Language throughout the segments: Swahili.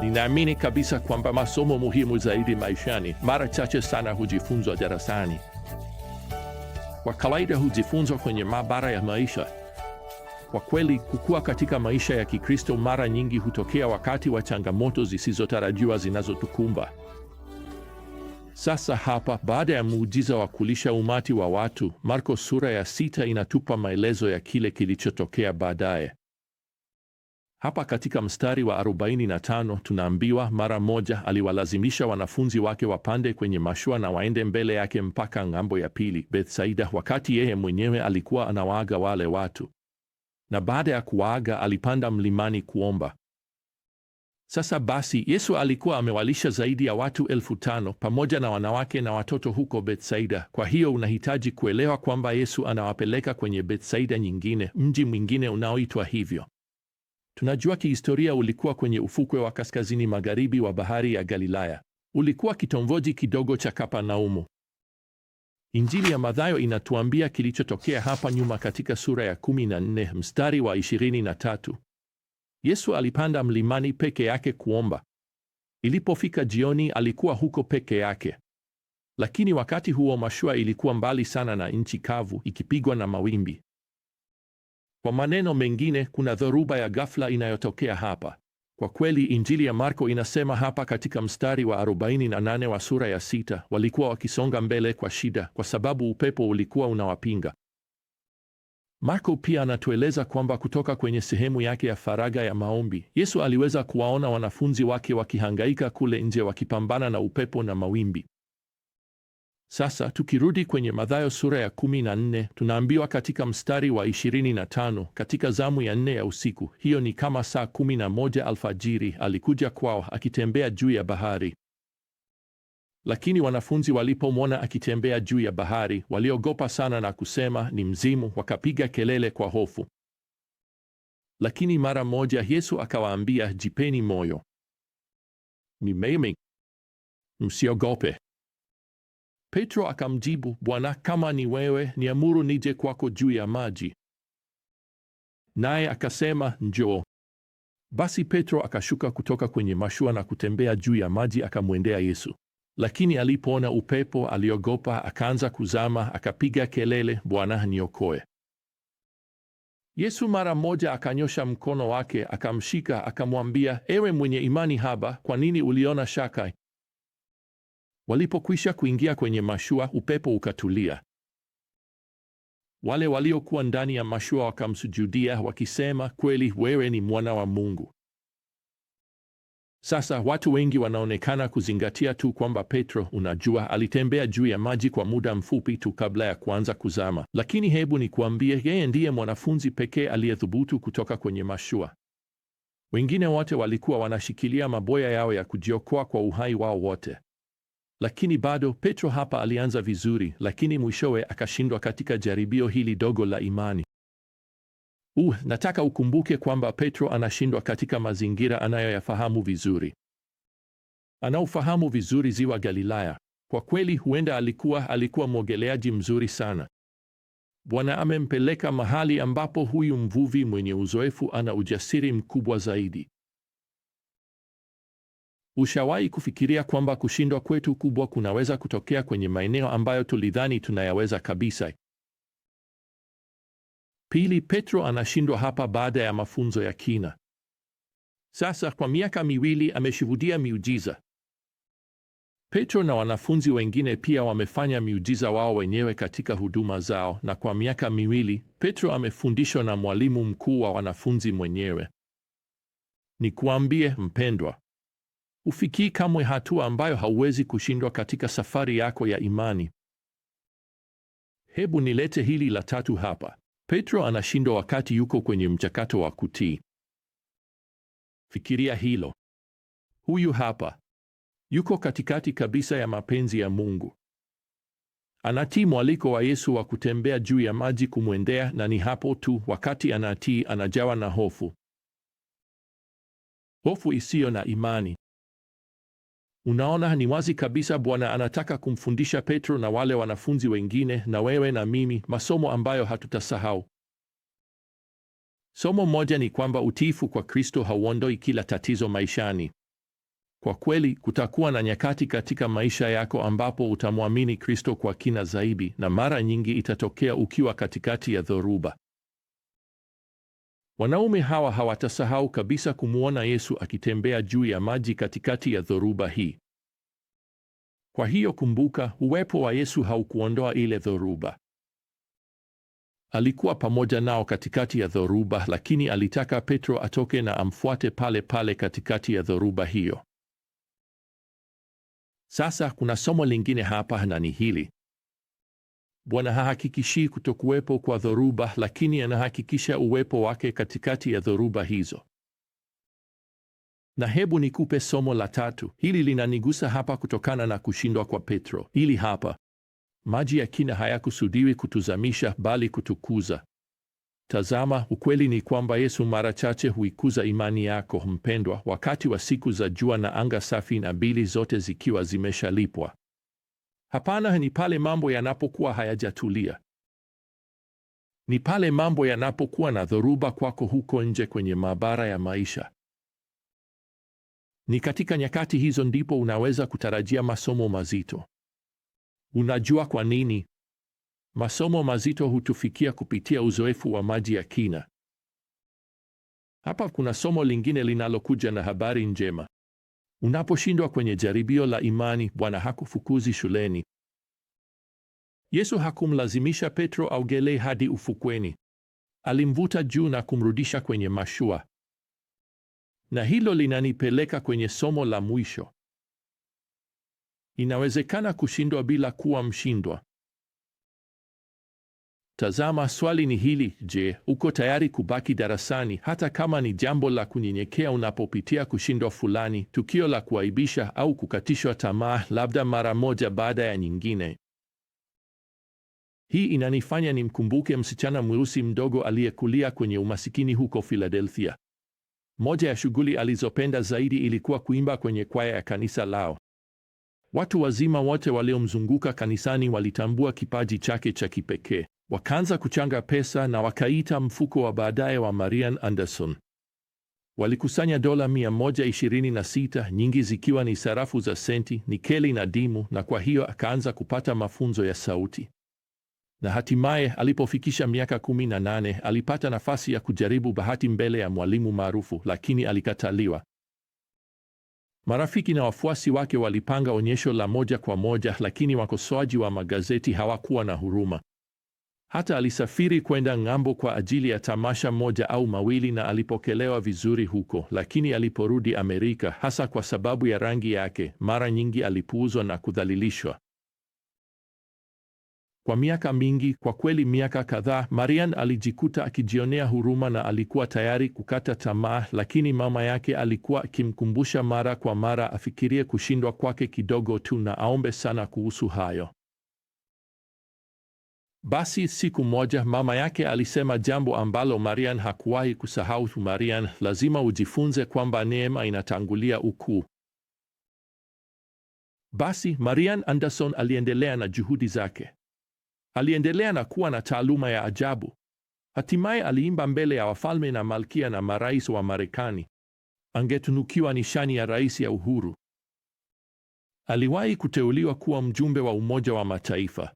Ninaamini kabisa kwamba masomo muhimu zaidi maishani mara chache sana hujifunzwa darasani. Kwa kawaida hujifunzwa kwenye maabara ya maisha. Kwa kweli, kukua katika maisha ya Kikristo mara nyingi hutokea wakati wa changamoto zisizotarajiwa zinazotukumba. Sasa hapa, baada ya muujiza wa kulisha umati wa watu, Marko sura ya sita inatupa maelezo ya kile kilichotokea baadaye. Hapa katika mstari wa 45 tunaambiwa mara moja aliwalazimisha wanafunzi wake wapande kwenye mashua na waende mbele yake mpaka ng'ambo ya pili Bethsaida, wakati yeye mwenyewe alikuwa anawaaga wale watu, na baada ya kuwaaga alipanda mlimani kuomba. Sasa basi, Yesu alikuwa amewalisha zaidi ya watu elfu tano pamoja na wanawake na watoto huko Bethsaida. Kwa hiyo unahitaji kuelewa kwamba Yesu anawapeleka kwenye Bethsaida nyingine, mji mwingine unaoitwa hivyo. Tunajua kihistoria ulikuwa kwenye ufukwe wa kaskazini magharibi wa bahari ya Galilaya. Ulikuwa kitongoji kidogo cha Kapernaumu. Injili ya Mathayo inatuambia kilichotokea hapa nyuma katika sura ya 14 mstari wa 23. Yesu alipanda mlimani peke yake kuomba. Ilipofika jioni, alikuwa huko peke yake. Lakini wakati huo mashua ilikuwa mbali sana na nchi kavu, ikipigwa na mawimbi. Kwa maneno mengine, kuna dhoruba ya ghafla inayotokea hapa. Kwa kweli, Injili ya Marko inasema hapa katika mstari wa 48 wa sura ya sita, walikuwa wakisonga mbele kwa shida kwa sababu upepo ulikuwa unawapinga. Marko pia anatueleza kwamba kutoka kwenye sehemu yake ya faraga ya maombi, Yesu aliweza kuwaona wanafunzi wake wakihangaika kule nje wakipambana na upepo na mawimbi. Sasa tukirudi kwenye Mathayo sura ya kumi na nne tunaambiwa katika mstari wa ishirini na tano katika zamu ya nne ya usiku, hiyo ni kama saa kumi na moja alfajiri, alikuja kwao akitembea juu ya bahari. Lakini wanafunzi walipomwona akitembea juu ya bahari, waliogopa sana na kusema ni mzimu, wakapiga kelele kwa hofu. Lakini mara moja Yesu akawaambia, jipeni moyo, ni mimi, msiogope. Petro akamjibu, Bwana, kama ni wewe, niamuru nije kwako juu ya maji. Naye akasema, njoo. Basi Petro akashuka kutoka kwenye mashua na kutembea juu ya maji akamwendea Yesu. Lakini alipoona upepo, aliogopa, akaanza kuzama, akapiga kelele, Bwana, niokoe. Yesu mara moja akanyosha mkono wake, akamshika, akamwambia, ewe mwenye imani haba, kwa nini uliona shaka? Walipokwisha kuingia kwenye mashua, upepo ukatulia. Wale waliokuwa ndani ya mashua wakamsujudia wakisema, kweli wewe ni mwana wa Mungu. Sasa watu wengi wanaonekana kuzingatia tu kwamba Petro, unajua, alitembea juu ya maji kwa muda mfupi tu kabla ya kuanza kuzama, lakini hebu nikuambie, yeye ndiye mwanafunzi pekee aliyethubutu kutoka kwenye mashua. Wengine wote walikuwa wanashikilia maboya yao ya kujiokoa kwa uhai wao wote. Lakini bado Petro hapa alianza vizuri, lakini mwishowe akashindwa katika jaribio hili dogo la imani. Uh, nataka ukumbuke kwamba Petro anashindwa katika mazingira anayoyafahamu vizuri. Anaofahamu vizuri ziwa Galilaya. Kwa kweli huenda alikuwa alikuwa mwogeleaji mzuri sana. Bwana amempeleka mahali ambapo huyu mvuvi mwenye uzoefu ana ujasiri mkubwa zaidi. Ushawahi kufikiria kwamba kushindwa kwetu kubwa kunaweza kutokea kwenye maeneo ambayo tulidhani tunayaweza kabisa? Pili, Petro anashindwa hapa baada ya mafunzo ya kina. Sasa kwa miaka miwili ameshuhudia miujiza. Petro na wanafunzi wengine pia wamefanya miujiza wao wenyewe katika huduma zao, na kwa miaka miwili Petro amefundishwa na mwalimu mkuu wa wanafunzi mwenyewe. Nikuambie mpendwa, Hufikii kamwe hatua ambayo hauwezi kushindwa katika safari yako ya imani. Hebu nilete hili la tatu hapa. Petro anashindwa wakati yuko kwenye mchakato wa kutii. Fikiria hilo. Huyu hapa yuko katikati kabisa ya mapenzi ya Mungu. Anatii mwaliko wa Yesu wa kutembea juu ya maji kumwendea, na ni hapo tu wakati anatii, anajawa na hofu, hofu isiyo na imani. Unaona, ni wazi kabisa Bwana anataka kumfundisha Petro na wale wanafunzi wengine na wewe na mimi masomo ambayo hatutasahau. Somo moja ni kwamba utiifu kwa Kristo hauondoi kila tatizo maishani. Kwa kweli, kutakuwa na nyakati katika maisha yako ambapo utamwamini Kristo kwa kina zaidi, na mara nyingi itatokea ukiwa katikati ya dhoruba. Wanaume hawa hawatasahau kabisa kumwona Yesu akitembea juu ya maji katikati ya dhoruba hii. Kwa hiyo kumbuka, uwepo wa Yesu haukuondoa ile dhoruba. Alikuwa pamoja nao katikati ya dhoruba, lakini alitaka Petro atoke na amfuate pale pale katikati ya dhoruba hiyo. Sasa kuna somo lingine hapa na ni hili. Bwana hahakikishii kutokuwepo kwa dhoruba, lakini anahakikisha uwepo wake katikati ya dhoruba hizo. Na hebu nikupe somo la tatu. Hili linanigusa hapa kutokana na kushindwa kwa Petro. Hili hapa: maji ya kina hayakusudiwi kutuzamisha, bali kutukuza. Tazama, ukweli ni kwamba Yesu mara chache huikuza imani yako mpendwa, wakati wa siku za jua na anga safi na mbili, zote zikiwa zimeshalipwa. Hapana, ni pale mambo yanapokuwa hayajatulia, ni pale mambo yanapokuwa na dhoruba kwako huko nje kwenye maabara ya maisha. Ni katika nyakati hizo ndipo unaweza kutarajia masomo mazito. Unajua kwa nini? Masomo mazito hutufikia kupitia uzoefu wa maji ya kina. Hapa kuna somo lingine linalokuja na habari njema. Unaposhindwa kwenye jaribio la imani, Bwana hakufukuzi shuleni. Yesu hakumlazimisha Petro aogelee hadi ufukweni. Alimvuta juu na kumrudisha kwenye mashua. Na hilo linanipeleka kwenye somo la mwisho. Inawezekana kushindwa bila kuwa mshindwa. Tazama, swali ni hili: je, uko tayari kubaki darasani hata kama ni jambo la kunyenyekea unapopitia kushindwa fulani, tukio la kuaibisha au kukatishwa tamaa, labda mara moja baada ya nyingine? Hii inanifanya nimkumbuke msichana mweusi mdogo aliyekulia kwenye umasikini huko Philadelphia. Moja ya shughuli alizopenda zaidi ilikuwa kuimba kwenye kwaya ya kanisa lao. Watu wazima wote waliomzunguka kanisani walitambua kipaji chake cha kipekee. Wakaanza kuchanga pesa na wakaita mfuko wa baadaye wa Marian Anderson. Walikusanya dola 126, nyingi zikiwa ni sarafu za senti, nikeli na dimu, na kwa hiyo akaanza kupata mafunzo ya sauti. Na hatimaye alipofikisha miaka 18, alipata nafasi ya kujaribu bahati mbele ya mwalimu maarufu, lakini alikataliwa. Marafiki na wafuasi wake walipanga onyesho la moja kwa moja, lakini wakosoaji wa magazeti hawakuwa na huruma. Hata alisafiri kwenda ng'ambo kwa ajili ya tamasha moja au mawili na alipokelewa vizuri huko, lakini aliporudi Amerika, hasa kwa sababu ya rangi yake, mara nyingi alipuuzwa na kudhalilishwa. Kwa miaka mingi, kwa kweli miaka kadhaa, Marian alijikuta akijionea huruma na alikuwa tayari kukata tamaa, lakini mama yake alikuwa akimkumbusha mara kwa mara afikirie kushindwa kwake kidogo tu na aombe sana kuhusu hayo. Basi siku moja mama yake alisema jambo ambalo Marian hakuwahi kusahau. Marian, lazima ujifunze kwamba neema inatangulia ukuu. Basi Marian Anderson aliendelea na juhudi zake. Aliendelea na kuwa na taaluma ya ajabu. Hatimaye aliimba mbele ya wafalme na malkia na marais wa Marekani. Angetunukiwa nishani ya rais ya uhuru. Aliwahi kuteuliwa kuwa mjumbe wa Umoja wa Mataifa.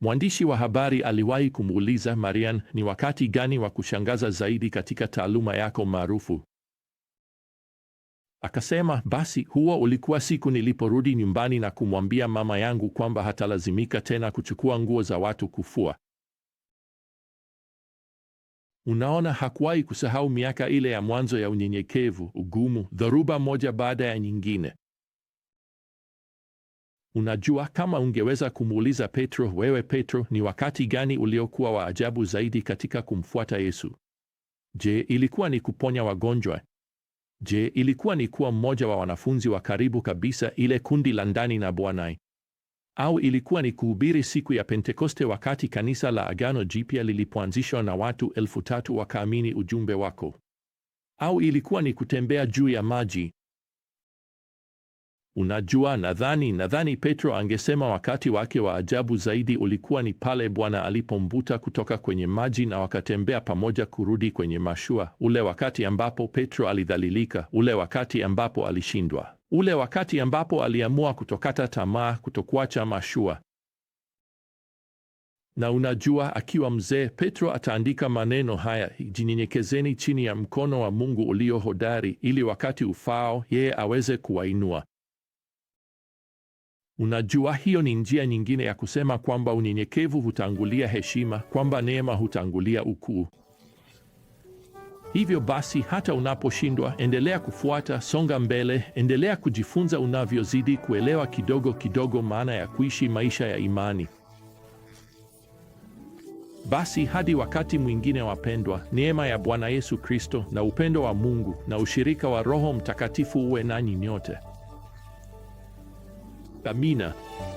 Mwandishi wa habari aliwahi kumuuliza Marian, ni wakati gani wa kushangaza zaidi katika taaluma yako maarufu? Akasema, basi huo ulikuwa siku niliporudi nyumbani na kumwambia mama yangu kwamba hatalazimika tena kuchukua nguo za watu kufua. Unaona, hakuwahi kusahau miaka ile ya mwanzo ya unyenyekevu, ugumu, dhoruba moja baada ya nyingine. Unajua, kama ungeweza kumuuliza Petro, wewe Petro, ni wakati gani uliokuwa wa ajabu zaidi katika kumfuata Yesu? Je, ilikuwa ni kuponya wagonjwa? Je, ilikuwa ni kuwa mmoja wa wanafunzi wa karibu kabisa, ile kundi la ndani na Bwana? Au ilikuwa ni kuhubiri siku ya Pentekoste wakati kanisa la Agano Jipya lilipoanzishwa na watu elfu tatu wakaamini ujumbe wako? Au ilikuwa ni kutembea juu ya maji? Unajua, nadhani nadhani Petro angesema wakati wake wa ajabu zaidi ulikuwa ni pale Bwana alipomvuta kutoka kwenye maji na wakatembea pamoja kurudi kwenye mashua, ule wakati ambapo Petro alidhalilika, ule wakati ambapo alishindwa, ule wakati ambapo aliamua kutokata tamaa, kutokuacha mashua. Na unajua, akiwa mzee Petro ataandika maneno haya: jinyenyekezeni chini ya mkono wa Mungu ulio hodari, ili wakati ufao yeye aweze kuwainua. Unajua, hiyo ni njia nyingine ya kusema kwamba unyenyekevu hutangulia heshima, kwamba neema hutangulia ukuu. Hivyo basi, hata unaposhindwa, endelea kufuata, songa mbele, endelea kujifunza unavyozidi kuelewa kidogo kidogo maana ya kuishi maisha ya imani. Basi hadi wakati mwingine, wapendwa, neema ya Bwana Yesu Kristo na upendo wa Mungu na ushirika wa Roho Mtakatifu uwe nanyi nyote. da